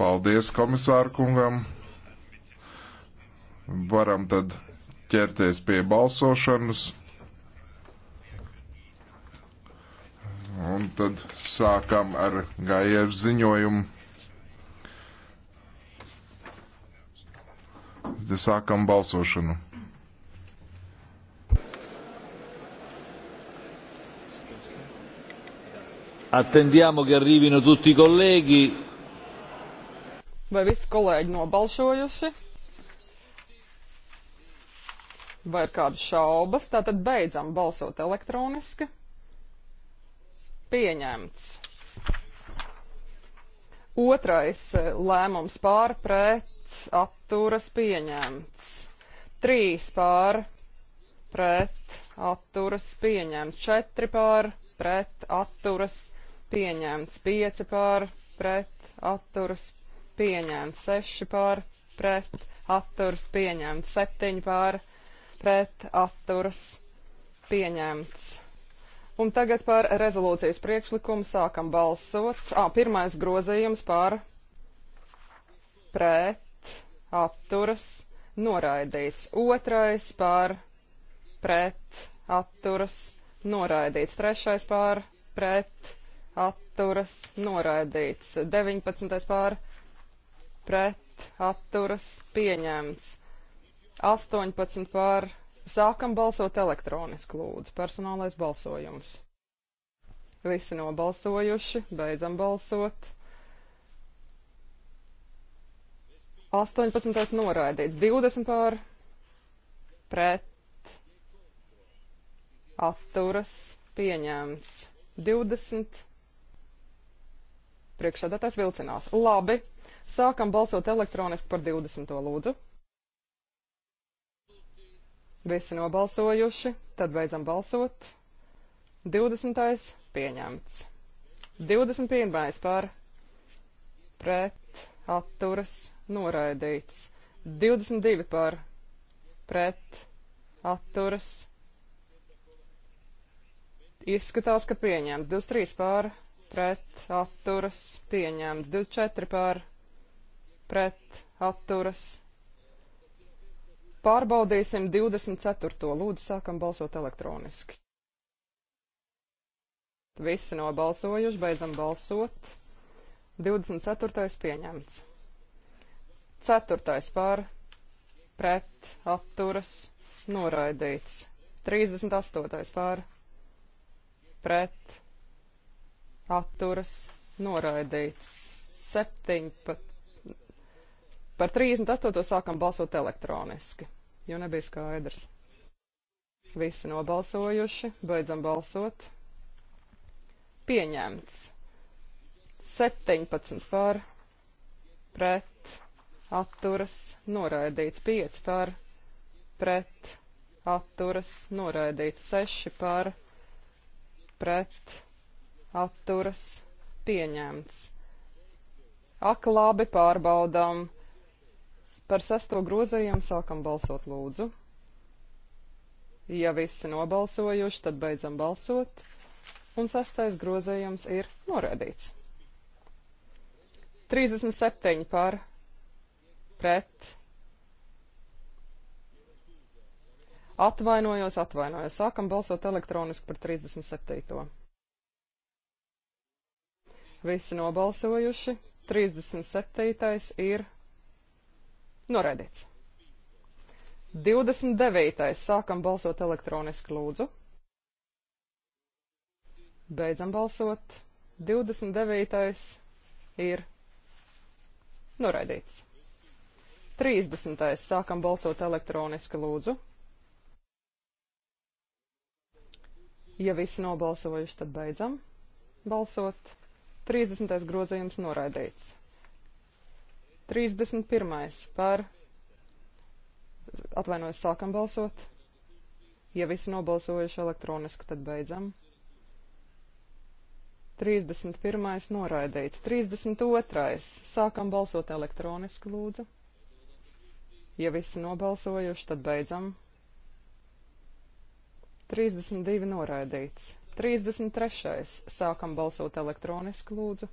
Paldies komisāru kungam. Varam tad ķerties pie balsošanas. Un tad sākam ar Gaieru ziņojumu. Tad sākam balsošanu. Attendiamo che arrivino tutti i colleghi. Vai visi kolēģi nobalsojuši? Vai ir kādas šaubas? Tātad beidzam balsot elektroniski. Pieņemts. Otrais eh, lēmums pār pret atturas pieņemts. Trīs pār pret atturas pieņemts. Četri pār pret atturas pieņemts. Pieci pār pret atturas pieņemts pieņemts, 6 pār pret atturas pieņemts, 7 pār pret atturas pieņemts. Un tagad par rezolūcijas priekšlikumu sākam balsot. Ā, pirmais grozījums pār pret atturas noraidīts, otrais pār pret atturas noraidīts, trešais pār pret atturas noraidīts, 19. pār pret pret atturas pieņemts. 18 pār. Sākam balsot elektroniski, lūdzu, personālais balsojums. Visi nobalsojuši, beidzam balsot. 18. noraidīts, 20 pār pret atturas pieņemts, 20 priekšsēdētājs vilcinās. Labi, Sākam balsot elektroniski par 20. lūdzu. Visi nobalsojuši, tad beidzam balsot. 20. pieņemts. 21. par pret atturas noraidīts. 22 par pret atturas. Izskatās, ka pieņemts. 23 par pret atturas pieņemts. 24 par pret pret atturas. Pārbaudīsim 24. Lūdzu, sākam balsot elektroniski. Visi nobalsojuši, beidzam balsot. 24. pieņemts. 4. pār pret atturas noraidīts. 38. pār pret atturas noraidīts. 17. Par 38. sākam balsot elektroniski, jo nebija skaidrs. Visi nobalsojuši, beidzam balsot. Pieņemts. 17 par, pret, atturas, noraidīts 5 par, pret, atturas, noraidīts 6 par, pret, atturas, pieņemts. Ak, labi pārbaudām. Par sesto grozījumu sākam balsot lūdzu. Ja visi nobalsojuši, tad beidzam balsot. Un sastais grozījums ir noraidīts. 37 par pret. Atvainojos, atvainojos. Sākam balsot elektroniski par 37. Visi nobalsojuši. 37. ir Noraidīts. Nu, 29. Sākam balsot elektroniski lūdzu. Beidzam balsot. 29. ir noraidīts. Nu, 30. Sākam balsot elektroniski lūdzu. Ja visi nobalsojuši, tad beidzam balsot. 30. grozījums noraidīts. Nu, 31. par atvainojos sākam balsot. Ja visi nobalsojuši elektroniski, tad beidzam. 31. noraidīts. 32. sākam balsot elektroniski, lūdzu. Ja visi nobalsojuši, tad beidzam. 32 noraidīts. 33. sākam balsot elektroniski, lūdzu.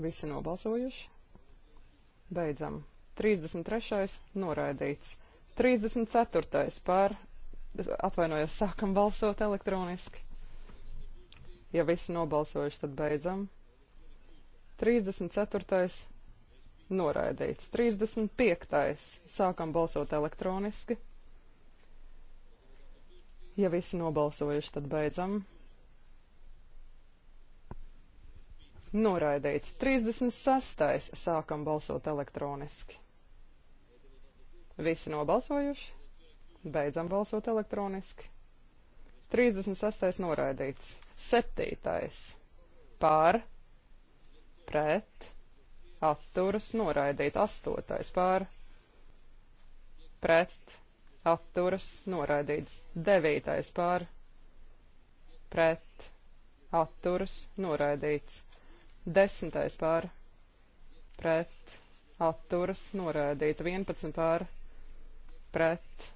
Visi nobalsojuši. Beidzam. 33. noraidīts. 34. par. Atvainojos, sākam balsot elektroniski. Ja visi nobalsojuši, tad beidzam. 34. noraidīts. 35. sākam balsot elektroniski. Ja visi nobalsojuši, tad beidzam. Noraidīts. 36. Sākam balsot elektroniski. Visi nobalsojuši. Beidzam balsot elektroniski. 36. noraidīts. 7. Pār. Pret. Atturas noraidīts. 8. Pār. Pret. Atturas noraidīts. 9. Pār. Pret. Atturas noraidīts. Desmitais pār pret atturas noraidīts. 11 pār pret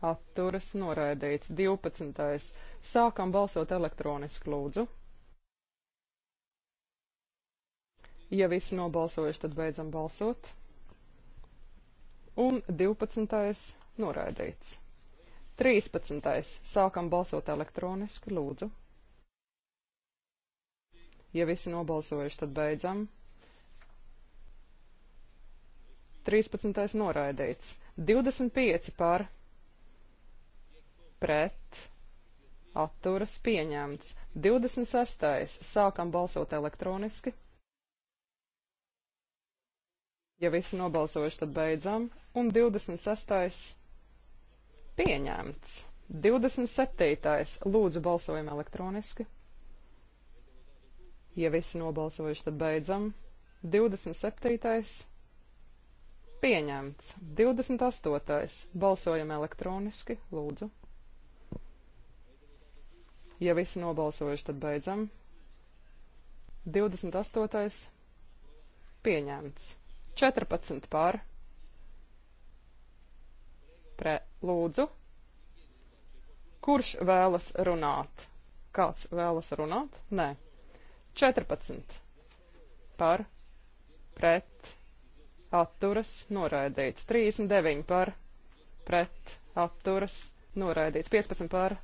atturas noraidīts. 12. Sākam balsot elektroniski lūdzu. Ja visi nobalsojuši, tad beidzam balsot. Un 12. noraidīts. 13. Sākam balsot elektroniski, lūdzu. Ja visi nobalsojuši, tad beidzam. 13. noraidīts. 25 par pret atturas pieņemts. 26. sākam balsot elektroniski. Ja visi nobalsojuši, tad beidzam. Un 26. pieņemts. 27. lūdzu balsojam elektroniski. Ja visi nobalsojuši, tad beidzam. 27. Pieņemts. 28. Balsojam elektroniski, lūdzu. Ja visi nobalsojuši, tad beidzam. 28. Pieņemts. 14 pār. Pre, lūdzu. Kurš vēlas runāt? Kāds vēlas runāt? Nē. 14 par pret atturas noraidīts. 39 par pret atturas noraidīts. 15 par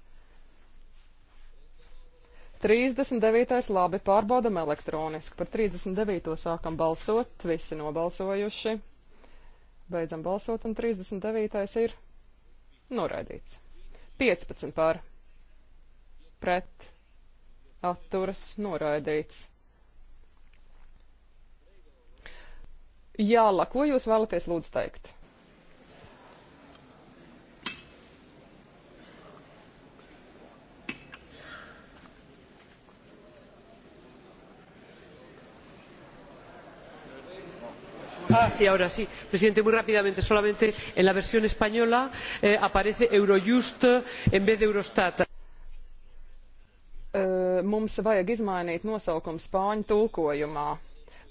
39. labi pārbaudam elektroniski. Par 39. sākam balsot, visi nobalsojuši. Beidzam balsot un 39. ir noraidīts. 15 par pret atturas noraidīts. Jāla, ko jūs vēlaties lūdzu teikt? Ah, sí, ahora sí. Presidente, muy rápidamente, solamente en la versión española eh, aparece Eurojust en vez de Eurostat mums vajag izmainīt nosaukumu spāņu tulkojumā.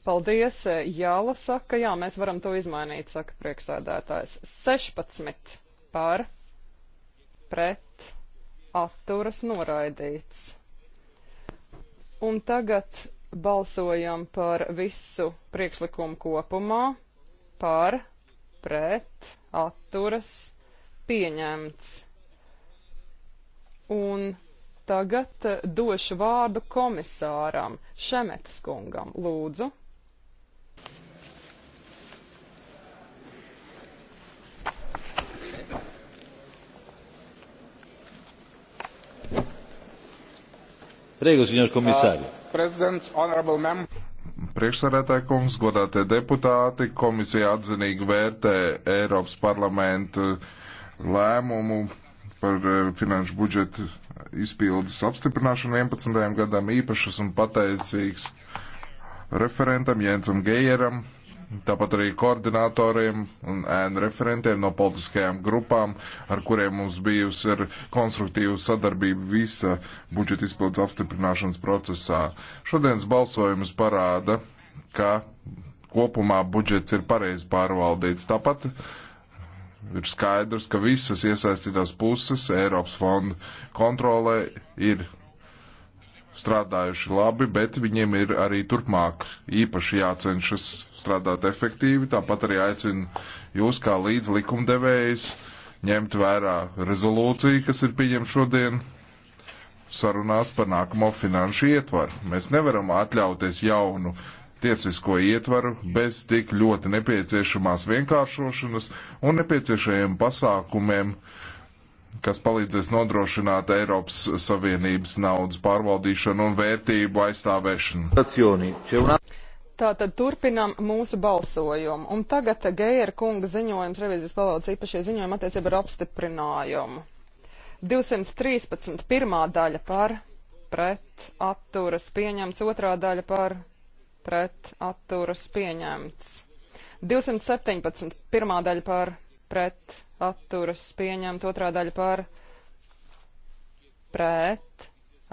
Paldies, eh, Jāla saka, jā, mēs varam to izmainīt, saka prieksēdētājs. 16 par, pret, atturas noraidīts. Un tagad balsojam par visu priekšlikumu kopumā, par, pret, atturas, pieņemts. Un Tagad eh, došu vārdu komisāram Šemetas kungam. Lūdzu. Priekšsēdētāj, senjor komisāri. Uh, Priekšsēdētāj kungs, godātie deputāti, komisija atzinīgi vērtē Eiropas parlamentu lēmumu par eh, finanšu budžetu izpildes apstiprināšanu 11. gadam īpašas un pateicīgs referentam Jensam Geieram, tāpat arī koordinatoriem un ēnu referentiem no politiskajām grupām, ar kuriem mums bijusi ir konstruktīva sadarbība visa budžeta izpildes apstiprināšanas procesā. Šodienas balsojums parāda, ka kopumā budžets ir pareizi pārvaldīts. Tāpat ir skaidrs, ka visas iesaistītās puses Eiropas fonda kontrolē ir strādājuši labi, bet viņiem ir arī turpmāk īpaši jācenšas strādāt efektīvi. Tāpat arī aicinu jūs kā līdz likumdevējs ņemt vērā rezolūciju, kas ir pieņemta šodien sarunās par nākamo finanšu ietvaru. Mēs nevaram atļauties jaunu tiesisko ietvaru bez tik ļoti nepieciešamās vienkāršošanas un nepieciešajiem pasākumiem, kas palīdzēs nodrošināt Eiropas Savienības naudas pārvaldīšanu un vērtību aizstāvēšanu. Tātad turpinam mūsu balsojumu. Un tagad Geira kunga ziņojums, revizijas palaudas īpašie ziņojumi attiecībā ar apstiprinājumu. 213. pirmā daļa par, pret, atturas, pieņemts, otrā daļa par, pret atturas pieņemts. 217. pirmā daļa par pret atturas pieņemts, otrā daļa par pret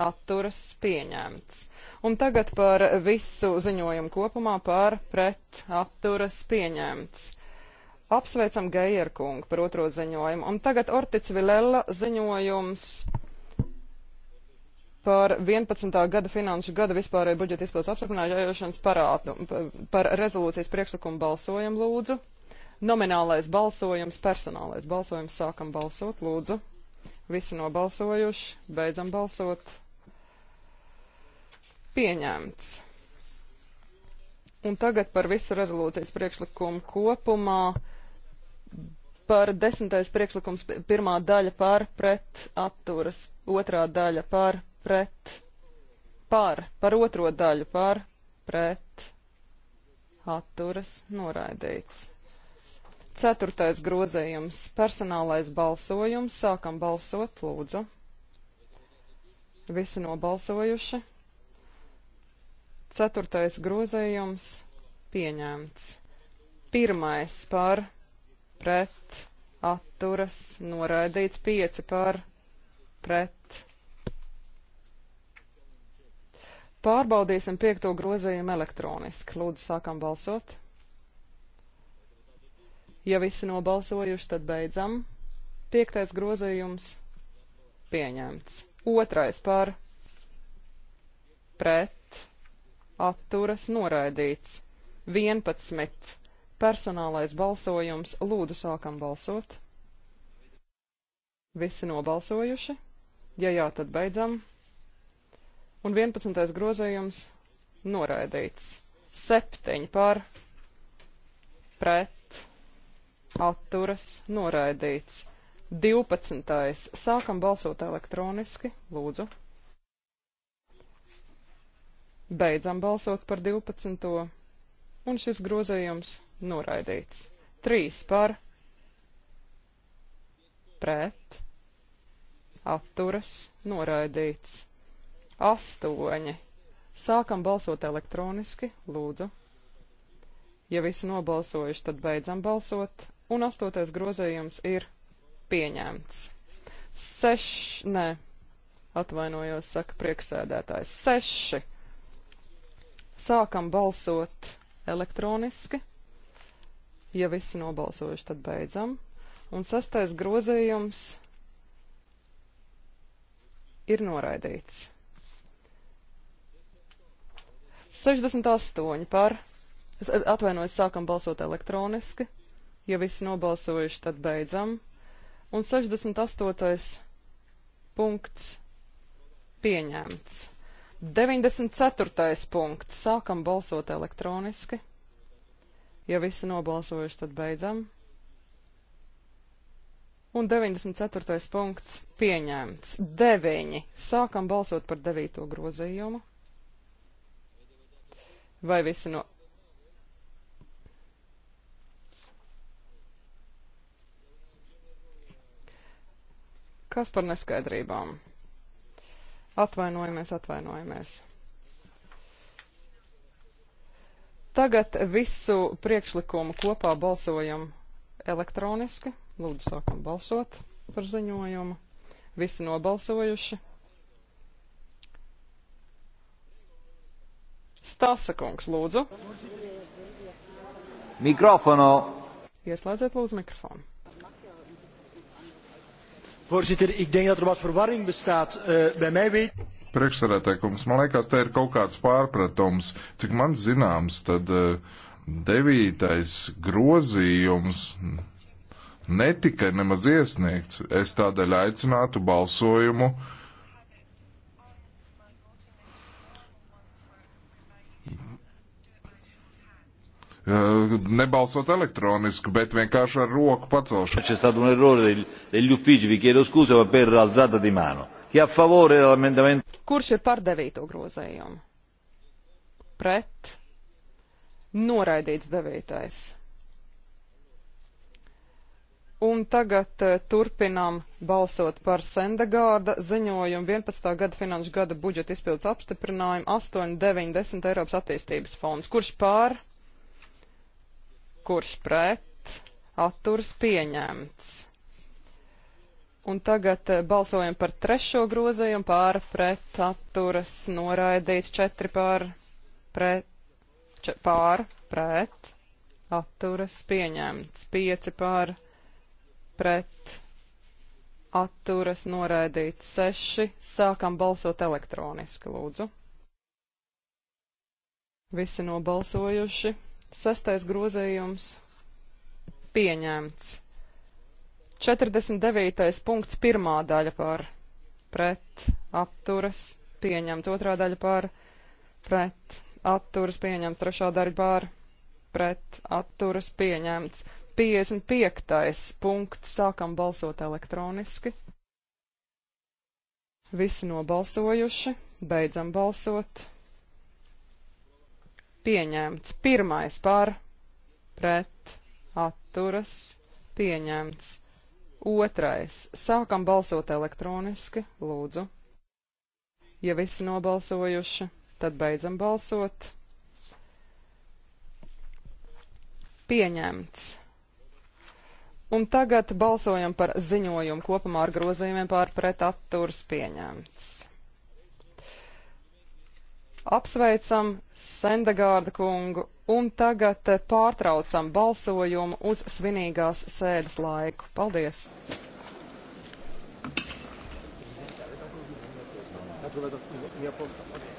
atturas pieņemts. Un tagad par visu ziņojumu kopumā par pret atturas pieņemts. Apsveicam Geierkungu par otro ziņojumu. Un tagad Ortiz Vilella ziņojums par 11. gada finanšu gada vispārēju budžeta izpildes apstiprināšanas parādu. Par rezolūcijas priekšlikumu balsojam lūdzu. Nominālais balsojums, personālais balsojums, sākam balsot lūdzu. Visi nobalsojuši, beidzam balsot. Pieņemts. Un tagad par visu rezolūcijas priekšlikumu kopumā. Par desmitais priekšlikums pirmā daļa par pret atturas, otrā daļa par pret, par, par otro daļu, par, pret, atturas, noraidīts. Ceturtais grozējums - personālais balsojums. Sākam balsot, lūdzu. Visi nobalsojuši. Ceturtais grozējums - pieņemts. Pirmais par, pret, atturas, noraidīts. Pieci par, pret, Pārbaudīsim piekto grozījumu elektroniski. Lūdzu, sākam balsot. Ja visi nobalsojuši, tad beidzam. Piektais grozījums pieņemts. Otrais par pret atturas noraidīts. 11. Personālais balsojums. Lūdzu, sākam balsot. Visi nobalsojuši? Ja jā, tad beidzam un 11. grozījums noraidīts. 7 par pret atturas noraidīts. 12. Sākam balsot elektroniski, lūdzu. Beidzam balsot par 12. un šis grozījums noraidīts. 3 par pret atturas noraidīts. Astoņi. Sākam balsot elektroniski, lūdzu. Ja visi nobalsojuši, tad beidzam balsot, un astotais grozējums ir pieņemts. Seš, nē, atvainojos, saka prieksēdētājs. Seši. Sākam balsot elektroniski. Ja visi nobalsojuši, tad beidzam. Un sastais grozījums ir noraidīts. 68 par. Es atvainojos, sākam balsot elektroniski. Ja visi nobalsojuši, tad beidzam. Un 68. punkts pieņemts. 94. punkts. Sākam balsot elektroniski. Ja visi nobalsojuši, tad beidzam. Un 94. punkts pieņemts. 9. Sākam balsot par 9. grozījumu. Vai visi no. Kas par neskaidrībām? Atvainojamies, atvainojamies. Tagad visu priekšlikumu kopā balsojam elektroniski. Lūdzu, sākam balsot par ziņojumu. Visi nobalsojuši. Stasakungs, lūdzu. Mikrofono. Ieslēdziet, lūdzu, mikrofonu. Voorzitter, ik denk dat er wat verwarring bestaat. Uh, bij mij weet. Priekšsēdētājs, man liekas, te ir kaut kāds pārpratums. Cik man zināms, tad uh, devītais grozījums netika nemaz iesniegts. Es tādēļ aicinātu balsojumu uh, Eh, nebalsot elektroniski, bet vienkārši ar roku pacelšanu. C'è stato un errore degli uffici, vi chiedo scusa, ma per alzata di mano. Chi a favore dell'amendamento? Kurš ir par devīto grozījumu? Pret. Noraidīts devītais. Un tagad uh, eh, turpinām balsot par Sendegārda ziņojumu 11. gada finanšu gada budžeta izpildes apstiprinājumu 8, 9, 10 Eiropas attīstības fonds. Kurš pār? kurš pret, atturs pieņemts. Un tagad eh, balsojam par trešo grozījumu pār pret atturas noraidīts četri pār pret, če, pār pret atturas pieņemts, pieci pār pret atturas noraidīts, seši. Sākam balsot elektroniski, lūdzu. Visi nobalsojuši. Sastais grozējums pieņemts. 49. punkts pirmā daļa par pret apturas pieņemts. Otrā daļa par pret atturas pieņemts. Trešā daļa par pret atturas pieņemts. 55. punkts sākam balsot elektroniski. Visi nobalsojuši, beidzam balsot pieņemts. Pirmais par, pret, atturas, pieņemts. Otrais. Sākam balsot elektroniski, lūdzu. Ja visi nobalsojuši, tad beidzam balsot. Pieņemts. Un tagad balsojam par ziņojumu kopumā ar grozījumiem pār pret atturs pieņemts. Apsveicam Sendegārda kungu un tagad pārtraucam balsojumu uz svinīgās sēdes laiku. Paldies! Thank you.